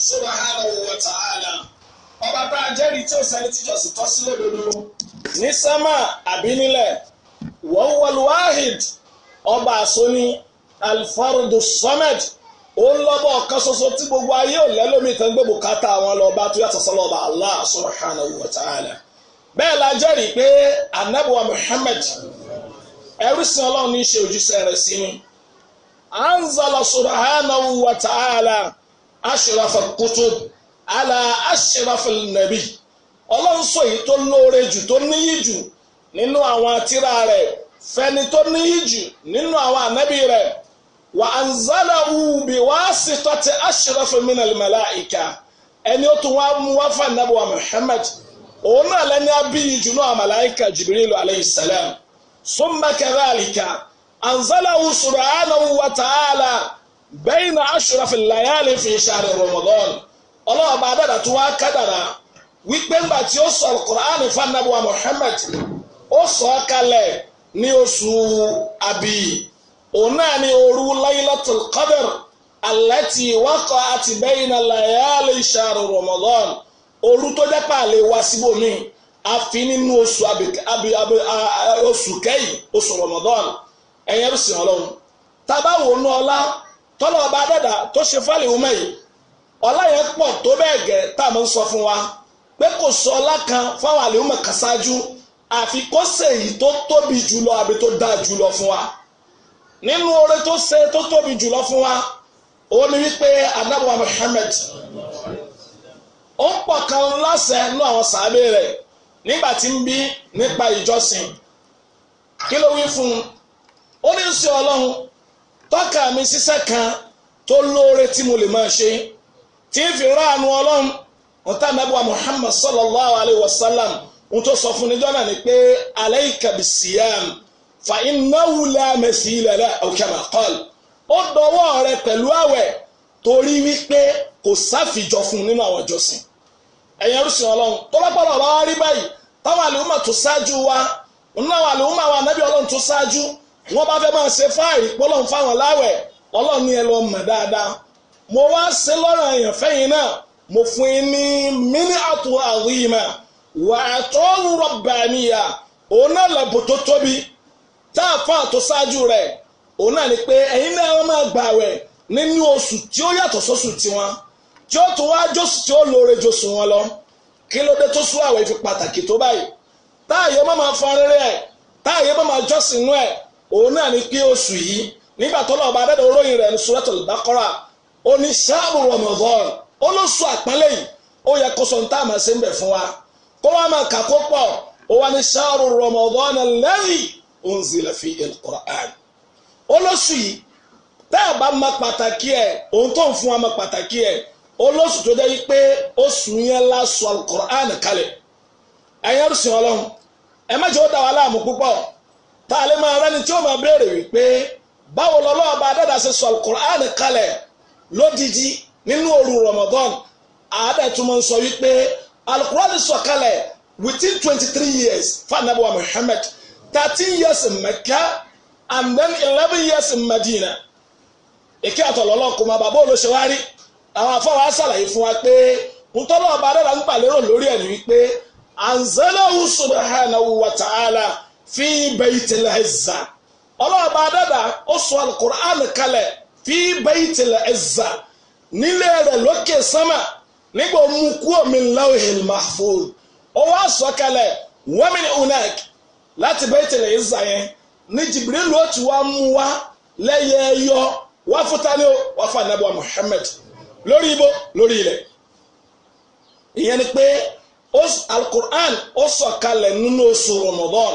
subhanahu wa ta'ala ọba bá a jẹ́rìí tí òsèlè tíjọ́ sì tọ́ sí lódodo ní sámà àbí nílẹ̀ wa huwa al-wahid ọba àsóní al-fardu samad ó ń lọ́bọ̀ ọ̀kan ṣoṣo tí gbogbo ayé ò lẹ́lómi tán gbé bùkátà àwọn lọ́ba tó yàtọ̀ sọ́lọ́ba Allah subhanahu wa ta'ala bẹ́ẹ̀ la jẹ́rìí pé anabuwa Muhammad ẹrú sin ọlọ́run ní í ṣe òjíṣẹ́ rẹ̀ sínú anzala subhanahu wa ta'ala aṣèràfà kutub àlà aṣèràfà nàbí ọlọ́run sọ èyí tó lóore jù tó níyì jù nínú àwọn àtìrà rẹ̀ fẹni tó níyì jù nínú àwọn ànábì rẹ̀ wà á ń zálà wùbí wà á sì tọ́tí aṣèràfà minal malaika ẹni ó tún wá mú wá fún ànábì wa Muhammad òun náà lẹ́ni abíyì jù náà àmàláìkà Jibril alayhi salam summa kadhalika anzalahu subhanahu wa ta'ala bẹ́yìnà aṣọ́ràfin layali fi ṣàrẹ̀ rọmọdọ́n ọlọ́ọ̀bá dàda tó wá kádàrà wípé ńgbà tí ó sọ alukur'an fanabuwa muhammed ó sọ ọ́ kalẹ̀ ní oṣù àbí òun náà ní òru laylatul qadr alẹ́tì wákọ̀ àti bẹ́yìnà layali ṣàrẹ̀ rọmọdọ́n òru tó jẹ́ pàlẹ́ wá síbòmí àfi nínú oṣù oṣù kẹ́yìn oṣù rọmọdọ́n ẹ̀yẹ́rù sìn ọlọ́run tábà wò ó ọlá. tọ́lọ̀ ọba dẹ́dà tó ṣe fálì umẹ́ yìí ọlá yẹn pọ̀ tó bẹ́ẹ̀ gẹ́ tá a mọ̀ ń sọ fún wa pé kò sọ ọlá kan fáwọn àlè umẹ́ kan àfi kó ṣe èyí tó tóbi jùlọ àbí tó dáa jùlọ fún wa nínú oore tó ṣe tó tóbi jùlọ fún wa òun ni wípé anábọ̀ Muhammad ó ń pọ̀ kan lọ́sẹ̀ nú àwọn sàábé rẹ̀ nígbà tí ń bí nípa ìjọsìn kí ló wí fún un ó ní sọ ọlọ́run tọ́ka mi síṣẹ́ kan tó lóore tí mo lè máa ṣe tí fi ráàánú ọlọ́run ọ̀tá mẹ́bùwá Muhammad sallallahu alayhi wa sallam ohun tó sọ fún ní jọ́nà ni pé alayka bisiyam fa innahu la mathila lahu aw ó dọwọ́ rẹ pẹ̀lú àwẹ̀ torí wípé kò sáfìjọ fún nínú àwọn ìjọsìn ẹ̀yin ẹrúsìn ọlọ́run tó lọ́pọ̀lọ́ ọ̀rọ̀ rí báyìí táwọn àlùmọ̀ tó ṣáájú wa òun náà àlùmọ̀ àwọn ànábì ọlọ́run tó ṣáájú wọn bá fẹ́ máa ṣe fáàrí pọ́lọ́n fáwọn láwẹ̀ ọlọ́run ni ẹ lọ mọ̀ dáadáa mo wá ṣe lọ́rọ̀ èèyàn fẹ́yìn náà mo fún yín ní mini àríyìnmá wà á tọ́rù rọ̀bà níyà òun náà tó tóbi tá a òun náà ni pé náà máa nínú oṣù tí ó yàtọ̀ wọn lọ kí ló dé tó sún àwẹ̀ fi pàtàkì tó báyìí máa máa jọ́sìn inú ẹ̀ òun náà ni pé oṣù yìí nígbà tó lọ́ọ́ bá dẹ́dọ̀ oróyìn rẹ̀ ní Suratul Baqara ó ní ṣáàbù Ramadan ó lóṣù àpọ́nlé yìí ó yẹ kó sọ ní táàmù ṣe ń bẹ̀ fún wa kó wá máa kà pọ̀ ó wá ní ṣáàbù Ramadan alladhi unzila fihi al-Qur'an ó lóṣù yìí tá a bá ma pàtàkì ẹ̀ òun tó ń fún wa ma pàtàkì ẹ̀ ó lóṣù sọ al-Qur'an kalẹ̀ ẹ̀yẹ́rù sìn ọlọ́run ẹ má ó dà tá a lè máa rẹ́ni tí ó máa béèrè wípé báwo lọ́lọ́wọ́ bá dáadáa ṣe sọ alukur'an kalẹ̀ lódìdí nínú òru Ramadan àádẹ́tùmọ̀ ń sọ wípé alukur'an sọ kalẹ̀ within twenty three years fanabu wa Muhammad thirteen years in Mecca and then eleven years in Medina èké àtọ̀lọ́lọ́ kò máa bàbá olóṣèwárí àwọn afọwọ́ àṣàlàyé fún wa pé ntọ́lọ́wọ́ bá dáadáa ń gbà lérò lórí ẹ̀ ní wípé anzalahu subhanahu wa ta'ala. fi baytil izza ọlọ́ọ̀bá dada ó sọ alukur'an kalẹ̀ fi baytil izza nílé rẹ̀ lókè sánmà nígbà mú kúrò min lawhil mahfuz ó wá sọ kalẹ̀ wa min unak láti baytil izza yẹn ní Jibril ó ti wá mú wá lẹ́yẹ̀ẹ́yọ́ wá fútalẹ́ wá fún anábọ̀ Muhammad lórí ibo lórí ilẹ̀ ìyẹn ni pé alukur'an ó sọ kalẹ̀ nínú oṣù Ramadan.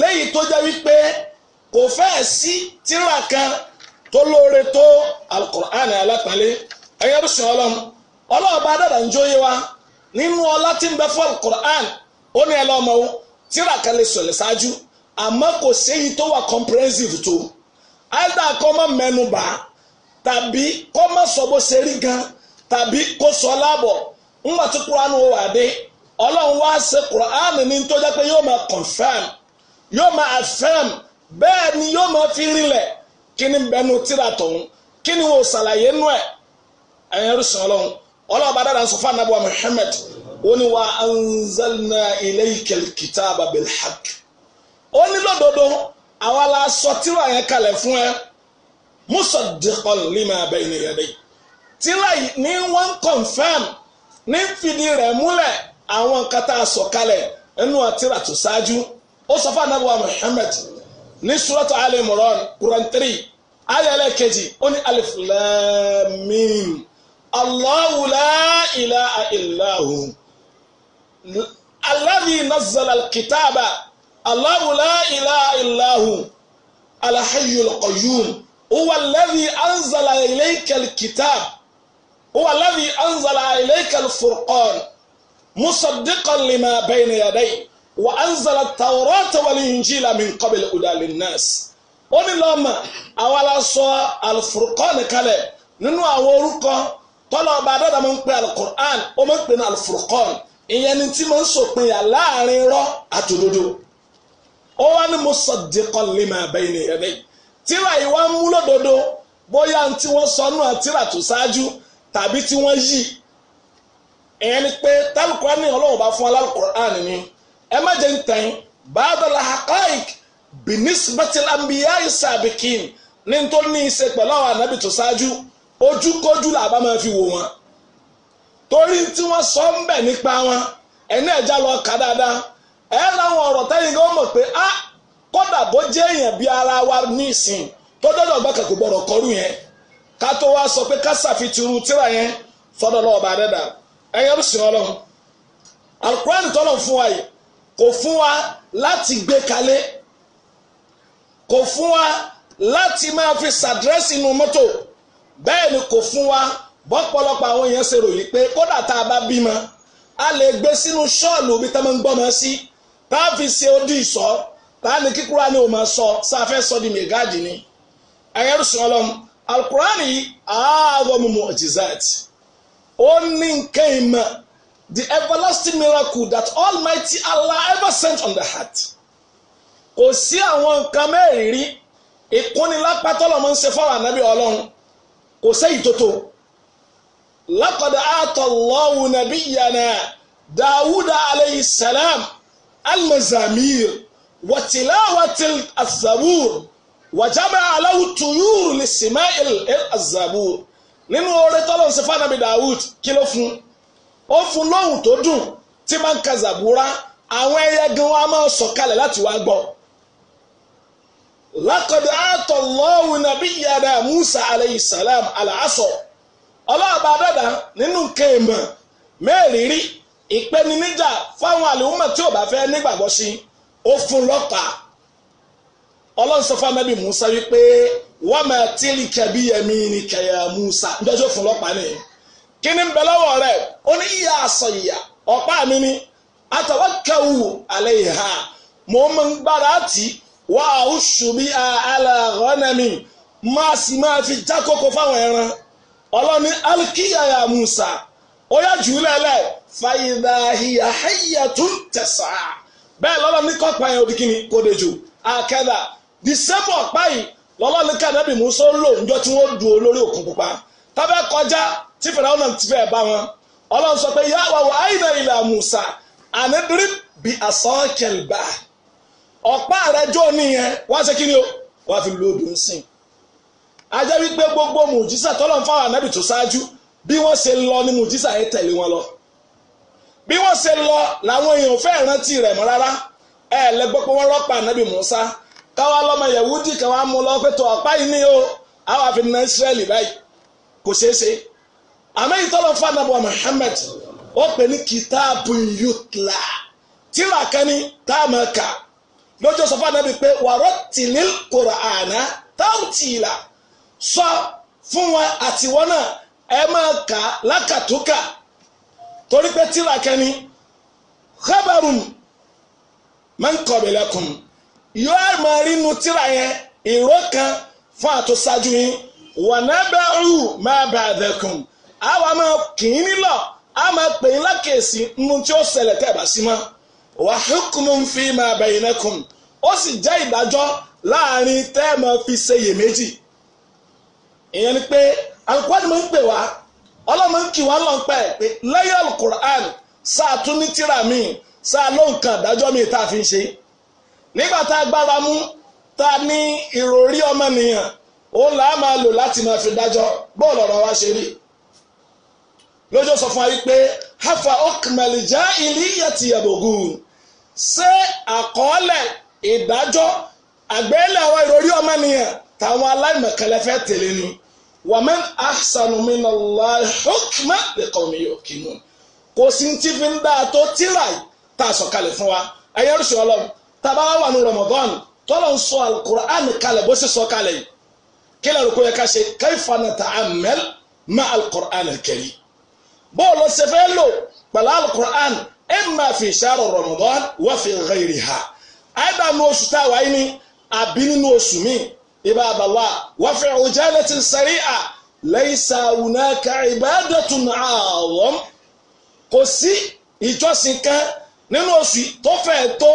lẹ́yìn tó jẹ́ wípé kò fẹ́ẹ̀ sí tírà kan tó lóore tó alukur'an alápẹ̀lẹ́ ẹ̀yẹ́ bí sùn ọlọ́run ọlọ́run bá wa nínú ọlá tí ń bẹ fún alukur'an ó ní ẹlọ́mọ o tírà kan lè sọ̀lẹ̀ ṣáájú àmọ́ kò séyìí tó wà comprehensive tó either kọ́ mọ́ mẹ́nubà tàbí kọ́ mọ́ sọ bó gan tàbí kó sọ ńgbà yóò máa affirm bẹ́ẹ̀ ni yóò máa fi rinlẹ̀ kí ni bẹnu tíra tòun kí ni wò sàlàyé nù ẹ̀ ẹ̀yìn rúṣin ọlọ́run ọlọ́ọ̀bá dáadáa sọ fún anábọ̀ Muhammad ó ní wa anzalna ilayka al-kitaba bil ó ní lódodo àwa la tíra yẹn kalẹ̀ fún ẹ musaddiqan lima bayna yaday tíra yìí ní wọ́n confirm ní fìdí rẹ̀ múlẹ̀ àwọn kata sọ̀kalẹ̀ ẹnu àtìrà tó ṣáájú ó sọ fún anabi wa muhammed ní surat ali imran quran three ayé ẹlẹ́kejì ó ní alif lam mim allahu la ilaha illa hu alladhi nazzala alkitaba allahu la ilaha illa hu alhayyul qayyum huwa alladhi anzala ilayka alkitab huwa alladhi anzala ilayka alfurqan musaddiqan lima bayna yadayhi wà anzala tawrata wal injila min qabl hudan linnas ó ní lọ́mọ àwa la sọ al-Furqan kalẹ̀ nínú àwọn orúkọ tọ́lọ̀ ọba adọ́dà máa ń pè al-Qur'an ó máa ń pè ní al-Furqan ìyẹn ni tí máa ń sòpinya láàrin irọ́ àtòdodo ó wá ní musaddiqan lima bayna yaday tíra ìwà ń dodo bóyá tí wọ́n sọ nù àtìrà tó ṣáájú tàbí tí wọ́n yí ìyẹn ni pé tálùkọ́ ní ọlọ́run bá fún ni. emejentan bàdàlà haqaik binisbatil anbiya isabikin ní tó ní í ṣe pẹ̀lú àwọn ànábì tó ṣáájú ojúkójú làbá máa fi wò wọn torí tí wọ́n sọ ń bẹ̀ nípa wọn ẹni ẹ̀já lọ kà dáadáa ẹ láwọn ọ̀rọ̀ tẹ́yìn gan mọ̀ pé a ah, kódà bó jẹ́ èèyàn bí ara wa ní ìsìn tó dọ́dọ̀ gbàkà kò gbọ́dọ̀ kọrú yẹn ká tó wá sọ pé ká tíra yẹn fọdọ̀ lọ́wọ́ bá dẹ́dà ẹ̀yẹ́ bí sìn fún wa yìí kò fún wa láti gbé kalẹ̀ kò fún wa láti máa fi ṣàdírẹ́sì inú mọ́tò bẹ́ẹ̀ ni kò fún wa bọ́pọ̀lọpọ̀ àwọn èèyàn ṣe ròyìn pé kódà tá a bá bímọ a lè gbé sínú ṣọ́ọ̀lù omi tá a máa ń gbọ́mọ sí tá a fi ṣe odi ìsọ́ tá a ní kíkúrá ni ò máa sọ sáfẹ́ sọ di mẹ́gáàdì ni ẹ̀yẹ́rù sùn alukurani ààrọ̀ mu mọ̀jìzáàtì ó ní nǹkan ìmọ̀ the everlasting miracle that Almighty Allah ever sent on the heart. kò sí àwọn nǹkan mẹ́rin rí ìkúnnilápá tọ́lọ́mọ ń ṣe fáwọn ànábì ọlọ́run kò sẹ́yìn tó tó. لقد آتى الله نبينا داود عليه السلام المزامير وتلاوة الزبور وجمع له طيور لسماء الزبور nínú oore tọ́lọ́run ṣe fún ànábì Dawud kí ló fún ó fún lóhùn tó dùn tí máa ń ka zàbúrà àwọn ẹyẹ gan wa máa sọ̀kalẹ̀ láti wá gbọ́ lakọdọ nàbí yàrá musa aleyhi salam alaasọ ọlọ́ọ̀bá nínú kéèmọ̀ mẹ́rìírí ìpèníjà fáwọn àlùmọ̀ tí ò bá fẹ́ nígbàgbọ́ sí ó fún lọ́pàá musa wípé wọ́n máa ni kẹ́yà musa fún kini mbɛlɛwɔ rɛ ɔni iye asɔyia ɔkpa nini atawa kawu ale yi ha mo ma ń gbara ti wa awo subi a ala ɣɔna mi maa si maa fi ja koko fáwọn ɛran ɔlɔni ya musa oya juulɛ lɛ faidahia hiya heya tun tɛsa bɛɛ lɔlɔni kɔkpa yi o bi kini kodejo akɛda disembo ɔkpa yi lɔlɔni kanabi musa lo njɔ ti wo du olori okun pupa tabɛ tí fìràwọn náà ti bẹ́ẹ̀ bá wọn ọlọ́run sọ pé yá wà wọ àyìnbá ilà Musa ànídírí bí àsán ọ̀pá rẹ jọ nìyẹn wá ṣe kí ni o fi lu ń sìn ajẹ́ wípé gbogbo mùjísà tọ́lọ̀ ń fáwọn ànábì tó ṣáájú bí wọ́n ṣe lọ ní mùjísà yẹn tẹ̀lé wọn lọ bí wọ́n ṣe lọ làwọn èèyàn fẹ́ rántí rẹ̀ mọ́ rárá ẹ pé Musa káwa lọ́mọ káwa mú lọ pé tó ọ̀pá yìí o àwọn àfi nà kò ṣeé àmọ́ ìtọ́lọ̀ fanabuwa Muhammad ó pè ní kìtáàbù yutla tíra kan ní táàmù ká lójú sọ fún anabi pé wàrọ̀ tìlíl kùrààná táwọn tìlà sọ fún wa àtiwọ́n náà ẹ máa kà lákàtúkà torí pé tíra kan ní khabarun man qabilakum yóò máa rí inú tíra yẹn ìró kan fún àtúnṣáájú yín wa naba'u ma ba'dakum. àwa máa a máa pè yín lákèésí nínú tí ó ṣẹlẹ̀ tẹ́ bá sí mọ́ wa hukmun fima bainakum ó sì jẹ́ ìdájọ́ láàrin tẹ́ máa fi ṣe ìyẹn ni pé máa ń pè wá ọlọ́mọ ń kì wá lọ́n pẹ́ pé lẹ́yìn alukur'an sáà tún ní tíra mi sáà ló ń mi tá fi ń ṣe nígbà tá a gbára mú a ní ìròrí ọmọnìyàn fi dájọ́ wa ṣe lójó sọ fún wa yìí pé hafa okmẹlìjà ìlíyàtì ẹ̀bùgùn ṣé àkọọ́lẹ̀ ìdájọ́ àgbélé àwọn ìròrí ọmọnìyàn táwọn aláìmọ̀kẹ́lẹ́ fẹ́ tẹ̀lé nu wàmẹ́n ahsanu minallahi hukman liqawmin yuqinun kò sí ti fi ń dá a tó tíra tá a sọ̀kalẹ̀ fún wa ẹ̀yẹ́ rúṣù ọlọ́run tábà wà ní Ramadan tọ́lọ̀ ń sọ alukur'an kalẹ̀ bó sì sọ kí lóòrùn kó yẹ ká ṣe kayfa nata'ammal ma alukur'an al bọ́ọ̀lù ṣe fẹ́ lò pẹ̀lú alukur'an imma fi shahr ramadan wa fi ghayriha àìdá nu oṣù tá a wáyé ni àbí nínú oṣù mi ibadallah wa fi ujalatin sari'a laysa hunaka ibadatun a'zam kò sí ìjọsìn kan nínú oṣù tó fẹ́ tó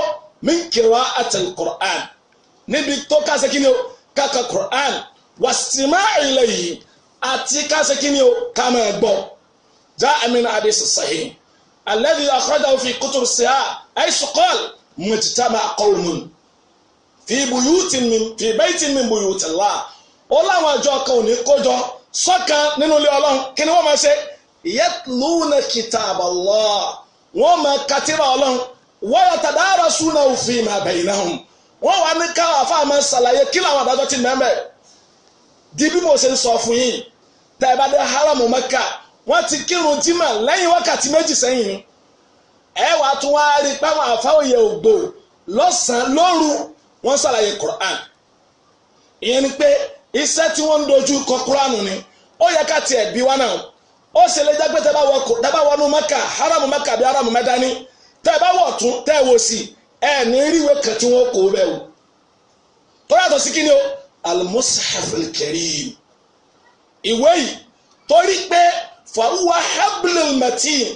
min qira'atil qur'an níbi tó kásẹ̀ kí ni o kàkà qur'an wàsítímà ilayhi àti kásẹ̀ kí ni o kàmẹ́ gbọ́. جاء من حديث الصحيح الذي أخرجه في كتب الصحاح حيث قال مجتمع قوم في بيوت من في بيت من بيوت الله ó láwọn àjọ kan ò ní kójọ sọ́kan nínú ilé ọlọ́run kí ni wọ́n máa ṣe yatluna kitab Allah wọ́n máa katira ọlọ́run wa yatadarasunahu fima bainahum wọ́n wà ní káwọn afáà máa ṣàlàyé kí làwọn àdájọ́ ti mẹ́mẹ́ di bí mo ṣe ń sọ fún yín tẹ́ ẹ bá dé haramu Mẹ́kà wọ́n ti kírun tímà lẹ́yìn wákàtí méjì sẹ́yìn ẹ wà tún wá rí i páwọn àfáwòye ògbò lọ́sàn-án lóru wọ́n ṣàlàyé Quran ìyẹn ni pé iṣẹ́ tí wọ́n ń dojú kọ Quran ni ó yẹ ká tiẹ̀ bí wá náà ó sì lè jẹ́ pé tẹ́ bá wọnú Mẹ́kà haramu Mẹ́kà bí haramu mẹ́dání tẹ́ bá wọ̀ tún tẹ́ wò sí ẹ ní ríwèé kan tí wọ́n kò bẹ̀ wò tó yàtọ̀ sí kí o al-Mushaf ìwé yìí torí pé fàwùwà hablil matin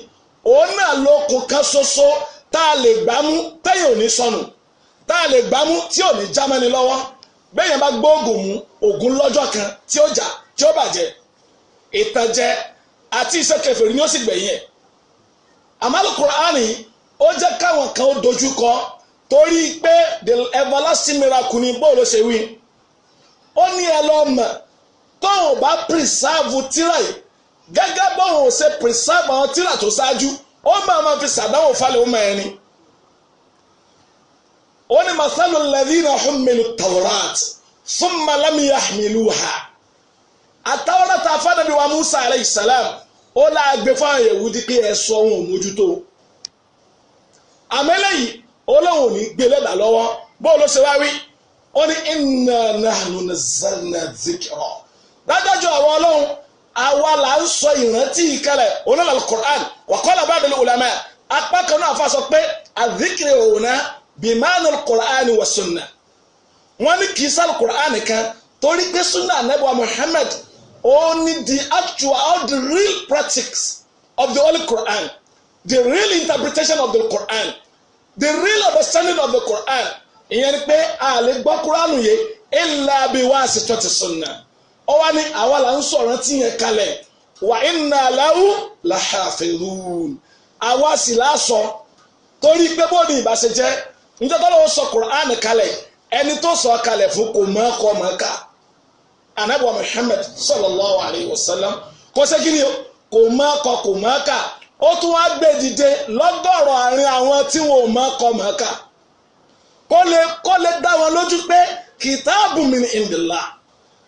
òun náà lókun kan ṣoṣo tá a lè gbámú téèyàn ò ní sọnù tá a lè gbámú tí ò ní jámẹ́ni lọ́wọ́ bẹ́ẹ̀yàn bá gbóògùn mú ògùn lọ́jọ́ kan tí ó jà tí ó bàjẹ́ ìtànjẹ àti iṣẹ́ kèfèrí ni ó sì gbẹ̀yìn ẹ̀ àmàlù kùránì ó jẹ́ káwọn kan ó dojú kọ torí pé the everlasting miracle ni bóòlù ṣe wí ó ní ẹ lọ́ọ́ mọ̀ tóun bá preserve tíráyìí gẹ́gẹ́ bóun ṣe pèsèpà àwọn tíra tó ṣáájú ó máa ma fi ṣàdánwò falẹ̀ ó mẹ́rin ó ní masalu ladhina hummilu tawrat thumma lam yahmiluha àtàwọ́rọ́ta afáàdàbí wa Musa alayhi salam ó láàgbé fáwọn Yẹhudi pé ẹ sọ ohun òmójútó àmẹ́lẹ́yìí olóhùn ní gbélébà lọ́wọ́ bó ṣe wá wí ó ní inna nahnu nazzalna dájọ́jọ́ àwọn ọlọ́hun àwa là ń sọ ìrántí ìkẹlẹ̀ onílẹ̀ alukur'an wàkọ́lá ba'dul ulama apá kan náà fàṣọ pé àdìkìrì òwúná bìmánà alukur'an wà sunna wọn ní kì í sá alukur'an kan torí pé sunna anabiwa muhammad ó ní the actual all the real practices of the holy quran the real interpretation of the quran the real understanding of the quran ìyẹn ni pé a lè gbọ́ kuranu yìí illa bí wàásù tó ti sunna. ó wá ní àwa là ń sọ̀rọ̀ tí yẹn kalẹ̀ wà inna lahu lahafidhun àwa sì láṣọ torí pé bóde ìbáṣe jẹ́ níjẹ́ sọ kalẹ̀ ẹni tó sọ kalẹ̀ fún kò mọ́ Muhammad sallallahu alayhi wa sallam kò ṣe kí ni kò mọ́ kò mọ́ ká ó tún wá gbé dìde lọ́gọ́rọ̀ àárín àwọn tí wọn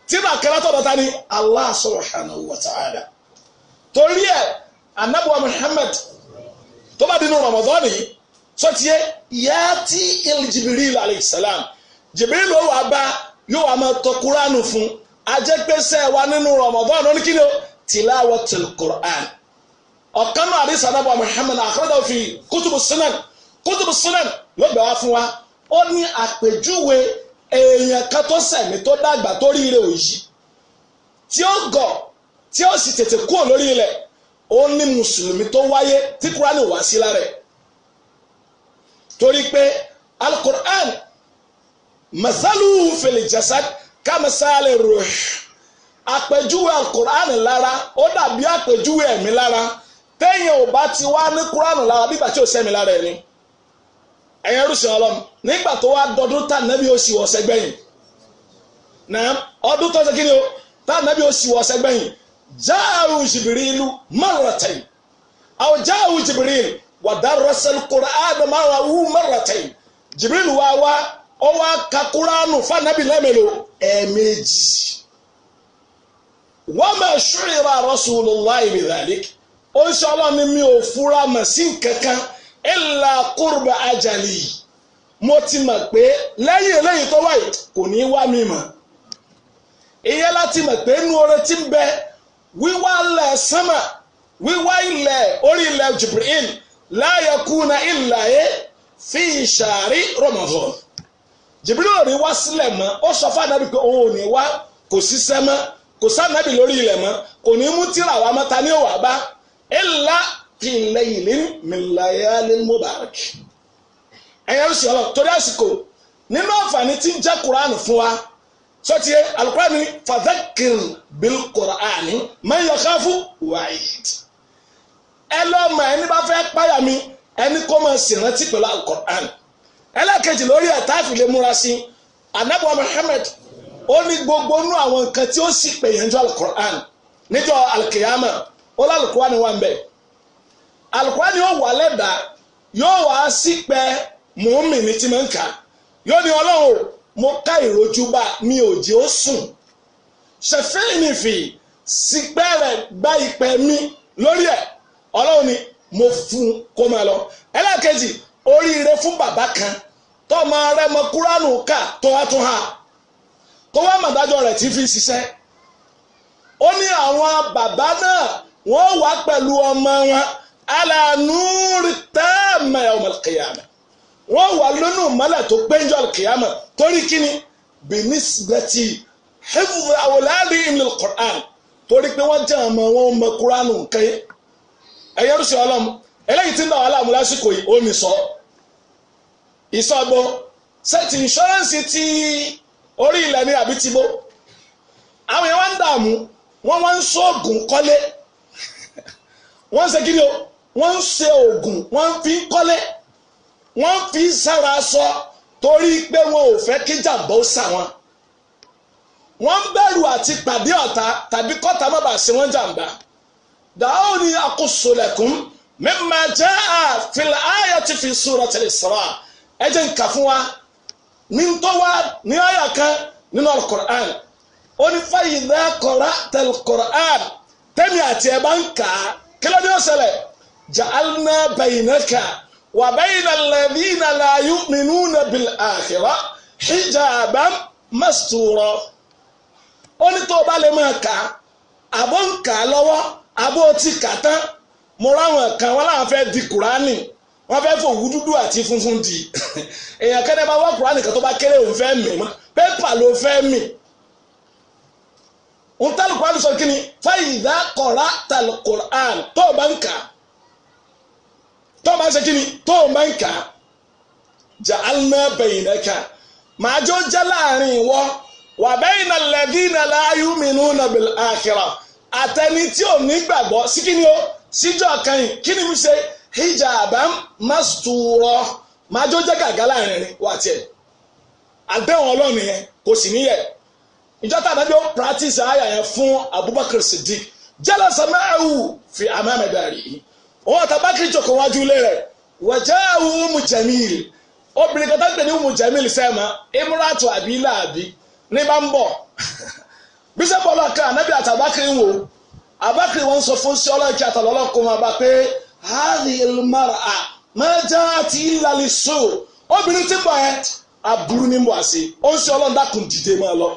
tíra kan látọ̀dọ̀ ta ni Allah subhanahu wa ta'ala torí ẹ̀ anabuwa Muhammad tó bá dínú Ramadan yìí sọtiẹ yàtí il Jibril alayhi salam Jibril ló wà bá yóò wà máa tọ kuranu fún ajẹpẹsẹ wa nínú Ramadan lónìí kí ni o tilawatul Qur'an ọ̀kan náà àdìsí anabuwa Muhammad akhrajahu fi kutubu sunan kutubu sunan ló gbà wá fún wa ó ní àpèjúwe èèyàn kan tó sẹ̀mí tó dàgbà tó rí ire òyì tí ó gọ̀ tí ó sì tètè kúrò lórí ilẹ̀ ó ní mùsùlùmí tó wáyé tí kúránì wá sí lára ẹ̀ torí pé alukur'an masalu fil-jasad kámẹ́sàlẹ̀ ruh àpèjúwe alukur'an lára ó dàbí àpèjúwe ẹ̀mí lára téèyàn ò bá ti wá ní kúránì lára bí ìgbà ò sẹ́mi lára ẹ̀ ni. ẹ̀yẹ rúṣin nígbà tó wá dọdún tá nàbí oṣù ọ̀sẹ̀ gbẹ̀yìn nà ọdún tó ṣe kí ni o tá nàbí oṣù ọ̀sẹ̀ gbẹ̀yìn jáàrú jìbìrìlù márùrọ̀tẹ̀yìn àwọn jáàrú jìbìrìlù wàdà rọ́ṣẹ́l kùránù márùrọ̀wù márùrọ̀tẹ̀yìn jìbìrìlù wá wá ó wá ìlà kúrúbà àjàlì mo ti mọ̀ pé lẹ́yìn eléyìí tó wáyé kò ní wá mi mọ̀ ìyẹn láti mọ̀ pé inú oore ti ń bẹ wíwá ilẹ̀ sánmà wíwá ilẹ̀ orí ilẹ̀ Jibril láàyè kúna ilà yẹ e, fi ìṣàrí Ramadan Jibril ò ní wá sílẹ̀ mọ́ ó sọ fún anabi pé òun ò ní wá kò síṣẹ́ mọ́ kò sánabi lórí ilẹ̀ mọ́ kò ní mú tíra wá mọ́ ta ní òwà bá ìlà fi laylin min layalil mubarak ẹ̀yẹ́ ń sọ̀rọ̀ torí àsìkò nínú àǹfààní tí ń jẹ́ kuraani fún wa sọ́tí alukurani fadakir bil kuraani man yakhafu wa'id ẹ lọ́ọ́ mọ̀ ẹni bá fẹ́ páyà mi ẹni kó máa ṣèrántí pẹ̀lú alukurani ẹlẹ́kejì lórí ẹ̀ta ìfìlẹ̀ múra sí anabuwa muhammed ó ní gbogbo nú àwọn nǹkan tí ó sì pè yẹn jọ alukur'an níjọ alkiyama ó lálùkùránì wà ń bẹ alukwani ó wà lẹ́dàá yóò wá sípẹ́ mùmíní tí mo ń kà yóò ní ọlọ́run mo ká ìrojúbà mi ò ó sùn fi sípẹ́ rẹ̀ gba ìpẹ́ mi lórí ẹ̀ ọlọ́run ni mo fún kó máa lọ ẹlẹ́ẹ̀kejì oríire fún bàbá kan tó kúránù ká tó wá tún ha kó wá tí fi ó ní àwọn bàbá náà ọmọ wọn alanúurì tààmà yawm al-qiyamah wọ́n wà lónú mọ́lẹ̀ tó péjọ al-qiyama torí kíni binisbati hifz awladihim lil-Qur'an torí pé wọ́n jẹ́ àmọ́ wọn mọ kuranu nǹkan yẹn ẹ̀yẹ́ rúṣì ọlọ́mu eléyìí tí ń bá wàhálà mu lásìkò yìí ó ní sọ ìsọgbọ́n sẹ́ẹ̀tì ìṣọ́rẹ́ǹsì ti orí ilẹ̀ ní àbí àwọn èèyàn wá ń dààmú wọ́n wá ń sóògùn kọ́lé wọ́n ń ṣe wọ́n ń ṣe oògùn wọ́n ń fi kọ́lé wọ́n ń fi sára aṣọ torí pé wọn ò fẹ́ kí jàǹbá ó sà wọn wọ́n ń bẹ̀rù àti pàdé ọ̀tá tàbí kọ́ta má bàa ṣe wọ́n jàǹbá dàáwò ni àkóso jẹ́ ti fi ẹ jẹ́ ń fún wa ní tó wá ní kan nínú alukur'an kur'an àti ẹ̀ bá ń kà ja'alna bainaka wa baina alladhina la yu'minuna bil akhirah hijaban mastura ó ní tó o bá lè máa kà á àbọ̀ ń kà á lọ́wọ́ àbọ̀ ti kà tán mo ráwọn kan wọn láwọn fẹ́ di kùránì wọ́n fẹ́ fòwú dúdú àti funfun di èèyàn kẹ́ni bá wá kùránì kan tó bá kéré òun fẹ́ mì mọ́ pépà ló fẹ́ mì òun tálùkùránì sọ kí ni fáyìdá kọ̀ọ̀rá tálùkùránì tó o bá ń kà á tó máa ṣe kíni tó máa ń kà á ja'alna baynaka màá jọ jẹ́ láàrin ìwọ wa bayna alladhina la yu'minuna bil akhirah àtẹni tí ò ní gbàgbọ́ si kíni o síjọ́ kan yìí kíni mi ṣe hijaban mastura màá jọ jẹ́ gàgá láàrin rìn wà tiẹ̀ àdéhùn ọlọ́run yẹn kò sì níyẹ̀ ìjọba àdájọ́ practice àyà yẹn fún Abubakar Siddiq jalasa ma'ahu fi amami dari yìí. wọn àtàbákìrì jòkó wájú re rẹ̀ wọ̀jẹ́ àwọn ọmọ jẹ̀míìl obìnrin kan tó ń pè ní ọmọ bi sẹ́ẹ̀mà imratu àbí láàbí ní bá ń bọ̀ bísẹ̀pù ọlọ́ọ̀kan wọn sọ fún máa bá pé ilmar a àti so obìnrin ti aburú àṣẹ ó ń sọ dìde máa lọ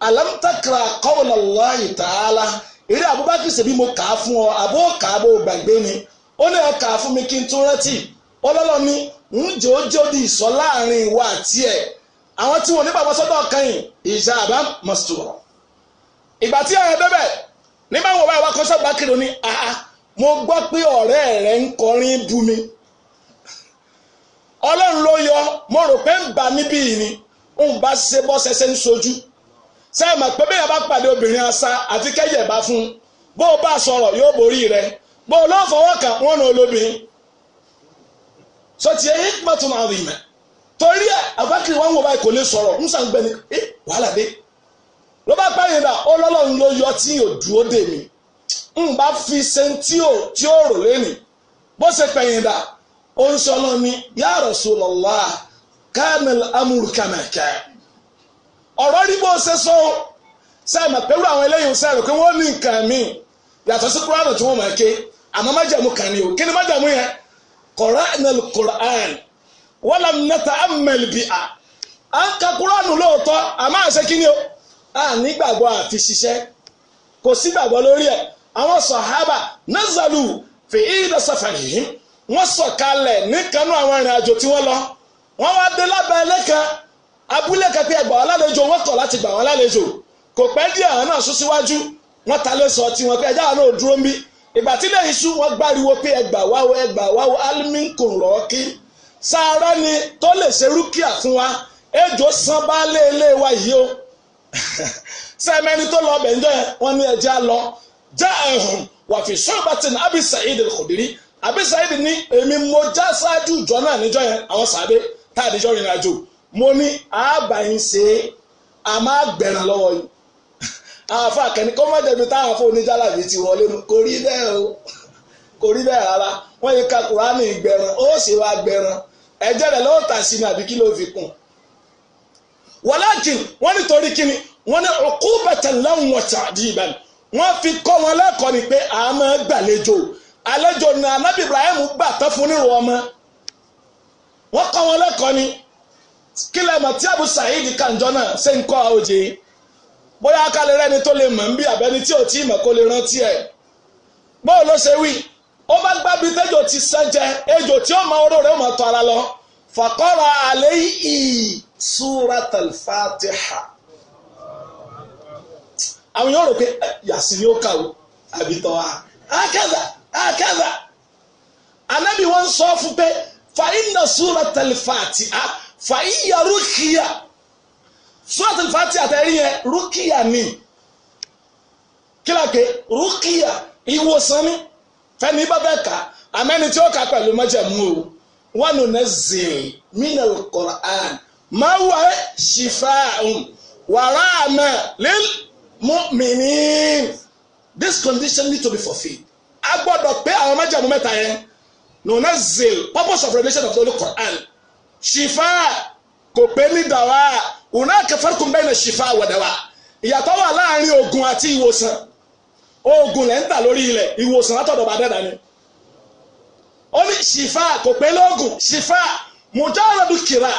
alam takra qawla Allahi ta'ala eré Abubakar ṣebí mo kà á fún ọ àbó kà á bó gbàgbé ni ó ní ọ kà á fún mi kí n tún rántí ọlọ́lọ́ ni ń jẹ́ ó di ìsọ láàrin ìwọ àti ẹ̀ àwọn tí wọn nígbà wọn sọ́dọ̀ kan yìí ìjà àbá mọ̀sítọ̀rọ̀ ìgbà tí àwọn ẹ̀dẹ́bẹ̀ nígbà wọn báyìí wá kọ́ sọ́gbà ni àá mo gbọ́ pé ọ̀rẹ́ rẹ̀ ń kọrin bú mi ọlọ́run ló yọ mo rò pé ń bà mí bíi ni ń bá ṣe bọ́ ṣẹṣẹ ń sojú ṣé ẹ mọ̀ pé bẹ́ẹ̀ bá pàdé obìnrin asán àti kẹ́yẹ̀ bá fún bó o bá sọ̀rọ̀ yóò borí rẹ bó o lọ́ọ́ fọwọ́ kàn wọ́n nà olóbìnrin sọtì ẹ̀yìn kúmọ̀ tó máa rìn mẹ́ torí ẹ̀ àbákiri wọn wọ báyìí kò lè sọ̀rọ̀ musa ń gbẹ ni ẹ wàhálà dé ló bá ló yọ tí yóò dúró dè mí ń bá fi ṣe tí ò tí ò rò bó ṣe ó ń sọ kánil ọ̀rọ̀ rí bó ṣe sọ sẹ́ẹ̀mọ̀ pẹ̀lú àwọn eléyìí sẹ́ẹ̀mọ̀ pé wọ́n ní nǹkan míì yàtọ̀ sí kúránù tí wọ́n máa ké àmọ́ májàmú kan ni o kí ni májàmú yẹn kọ̀ránù kọ̀rán wọ́n làm nẹ́ta amẹ́lì a à á ka kúránù lóòótọ́ àmọ́ àṣẹ kí ni o à nígbàgbọ́ àfi ṣiṣẹ́ kò sí gbàgbọ́ lórí ẹ̀ àwọn sàhábà nazalu fi ìdá safarihim wọ́n sọ̀kalẹ̀ níkanú àwọn ìrìn tí wọ́n lọ wọ́n wá dé lábẹ́ ẹlẹ́kan abúlé kẹpẹ ẹgbà wọn lálejò wọn kọ̀ láti gbà wọn lálejò kò pẹ́ díẹ̀ àwọn náà sún síwájú wọn ta ló sọ tiwọn pé ẹjọ́ àwọn náà dúró ń bí ìgbà tí lẹ́yìn sún wọn gbáriwo pé ẹgbà wáwo ẹgbà wáwo alimi kò rọ̀ ọ́ kí sáárá ni tó lè ṣe rúkìá fún wa ejò san bá lé ilé wa yìí o sẹ́mẹ́ni tó lọ ọbẹ̀ ńjọ́ yẹn wọ́n ní ẹja lọ já ẹ̀hún wà sọ́ọ̀bàtì ní Abi Sa'id al-Khudri ní èmi mo já ṣáájú ìjọ náà níjọ́ yẹn àwọn sàbẹ̀ tá àdíjọ́ ìrìn mo ní àbá yín ṣe é a máa gbẹ̀ràn lọ́wọ́ yìí àfa kẹ́ni kọ́ má jẹ̀bi táwọn afọ oníjàlábí ti wọlé mu kò rí bẹ́ẹ̀ o kò rí bẹ́ẹ̀ rárá wọ́n yìí ka kùránì gbẹ̀ràn ó sì wá gbẹ̀ràn ẹ̀jẹ̀ rẹ̀ lọ́wọ́ tà sí mi àbí kí ló fi kùn. wọ́lákin wọ́n ní torí kíni wọ́n ní ọkú bàtà láwọn ọ̀tà di ìbàlẹ̀ wọ́n fi kọ́ wọn lẹ́kọ̀ọ́ ni pé a máa gbàlejò àlejò ní anábì Ibrahim gbà tán fún nírò ọmọ wọ́n kọ́ wọn lẹ́kọ̀ọ́ ni kílẹ̀ mọ̀ tí Abu Sa'id kànjọ́ náà ṣe ń kọ́ òjì bóyá akálẹ̀ rẹ́ni tó lè mọ̀ ń bí àbẹ́ni tí ò tí ì mọ̀ kó lè rántí ẹ̀ bóò ló ṣe wí ó bá gbá bí tẹ́jọ́ ti sàn jẹ ejò tí ó mọ oró rẹ̀ ó mọ̀ tọ́ ara lọ fàkọ́rọ̀ àlẹ́ yìí súratul Fatiha àwọn yóò rò pé eh, yàsí ni ó kàwé àbí wa akẹ́dà akẹ́dà anábì wọn sọ fún pé fa inna súratul Fatiha fàyíyà rúkìá sọ́ọ̀tì fàtí àtẹ̀rí yẹn rúkìá ni kílàkè rúkìá ìwòsàn ni fẹ́ni bá bẹ́ẹ̀ kà àmẹ́ni tí ó kà pẹ̀lú májẹ̀mú o wọ́n nù ní zèè minal Qur'an máa wà ẹ́ wàrà àmà lil mu'minin this condition need to be fulfilled a gbọ́dọ̀ pé àwọn májẹ̀mú mẹ́ta yẹn nù ní zèè purpose of revelation of the Holy Qur'an ṣìfà kò pé ní dàwa òun àkẹfẹ́kùn bẹ́ẹ̀ ní ṣìfà wọ̀dẹ̀wà ìyàtọ̀ wà láàrin oògùn àti ìwòsàn oògùn lẹ́ ń tà lórí ilẹ̀ ìwòsàn látọ̀dọ̀ bá dẹ́dà ni ó ní ṣìfà kò pé lóògùn ṣìfà mùjáàrọ̀dù kìrà á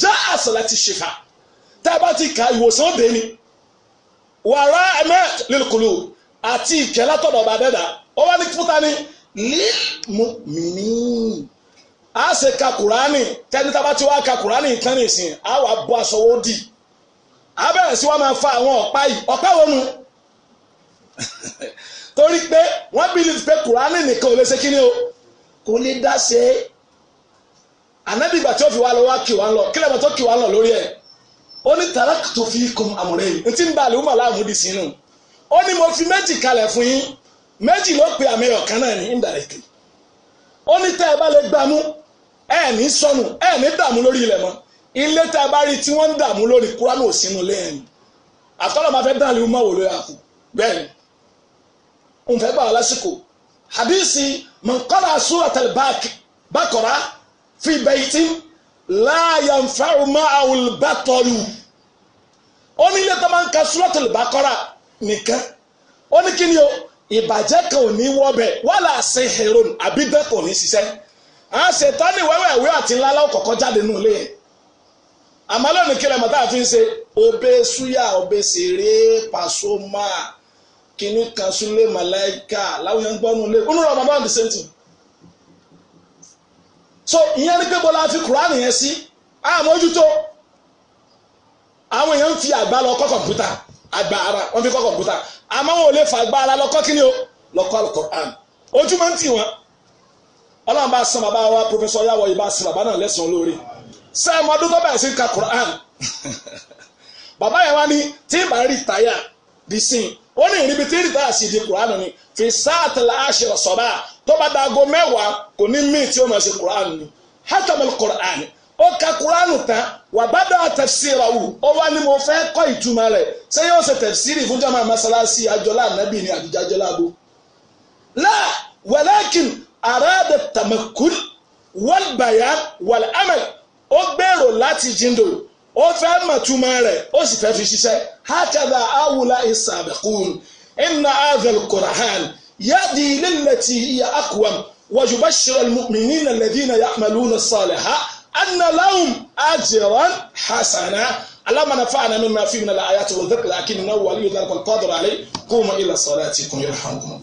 já àṣà láti ṣìfà tẹ́ bá ti ka ìwòsàn òde ni wàrà ẹ̀mẹ́ a ṣe ka kùránì tẹ́ni tá a bá ti wá ka kùránì tán nìsín a wà bọ́ aṣọ owó dì a bẹ̀rẹ̀ sí wọ́n máa fa àwọn ọ̀pá yìí ọ̀pá wo nu torí pé wọ́n believe pé kùránì nìkan ò lè ṣe kíni o kò lè dá ṣe é ànábì ìgbà tí ó fi wá lọ wá kì wá lọ kílẹ̀ mọ́ tó kì wá lọ lórí ẹ̀ ó ní tàràkìtò fi kùn àmọ̀rẹ́ yìí ntí ń ba àlè ọmọ aláàmú di sínú ó ní mo fi méjì kalẹ̀ fún yín méjì ló pe àmì ọ̀kan náà ní indirectly ó ní tẹ́ ẹ bá lè gbámú ẹ ní sọnù ẹ ní dààmú lórí ilẹ̀ mọ́ ilé tá a bá rí tí wọ́n ń dààmú lórí kúránù sínú ilé ẹ̀ ni àtọ́lọ́ máa fẹ́ dáhùn lè mọ̀ wò lórí àpò bẹ́ẹ̀ ni n fẹ́ bá wa lásìkò hadisi mọ̀nkọ́lá suratul Baqara fi baytin la yanfa'u ma'ahu al-batalu ó ní ilé tó máa ń ka suratul Baqara nìkan ó ní kí ni o ìbàjẹ́ kan ò ní wọ́bẹ̀ wala sihirun àbídẹ́ kò ní a ṣètọ́ni wẹ́wẹ́wẹ́ àti ńlá láwọ̀ kọ̀ọ̀kan jáde nù lé yẹn àmọ́ lónìí kílẹ̀ mọ́tà fi ń ṣe obe suya obe sèré pàṣọmọ́ kínní kan súlé màláìka láwọn yẹn ń gbọ́nú lé onú Ramadan the same thing so ìyẹn ní pépọ́ la fi Kùránì yẹn sí àmójútó àwọn èèyàn ń fi àgbà lọ kọ́ kọ̀ǹpútà àgbà ara wọ́n fi kọ́ kọ̀ǹpútà àmọ́ wọn ò lè fa àgbà ara lọ kọ́ kínní o lọ kọ́ Al-Qur'an ojú máa ń tì wọ́n ọlọ́run bá san bàbá wa professor yàwọ̀ yìí bá san bàbá náà lẹ́sàn-án lórí sẹ́ẹ̀mù ọdún tó bẹ̀rẹ̀ sí ka Quran bàbá yẹn wá ní tí ì bá rí táyà di sin ó ní ìrìbí tí ì rí táyà sì di Quran ni fi sáàtì láàṣẹ ọ̀sọ́bà tó bá dago mẹ́wàá kò ní míì tí ó máa ṣe Quran ni hátàmù Quran ó ka Quran tán wà bá dá tẹ̀síra wù ó wá ní mo fẹ́ kọ́ ìtumọ̀ rẹ̀ ṣé yóò ṣe tẹ̀síri fún jàmá masalasi àjọlá ànábì ni àdìjájọlá àbò. láà wẹ̀lẹ́kìn أراد التمكن والبيان والأمل أكبر لاتي جندو أفهم تماري أسفة في شيء هكذا أولى السابقون إن هذا القرآن يدي للتي هي أقوى ويبشر المؤمنين الذين يعملون الصالحة أن لهم أجرا حسنا اللهم نفعنا مما فيه من الآيات والذكر لكن نوى لي ذلك القادر عليه قوموا إلى صلاتكم يرحمكم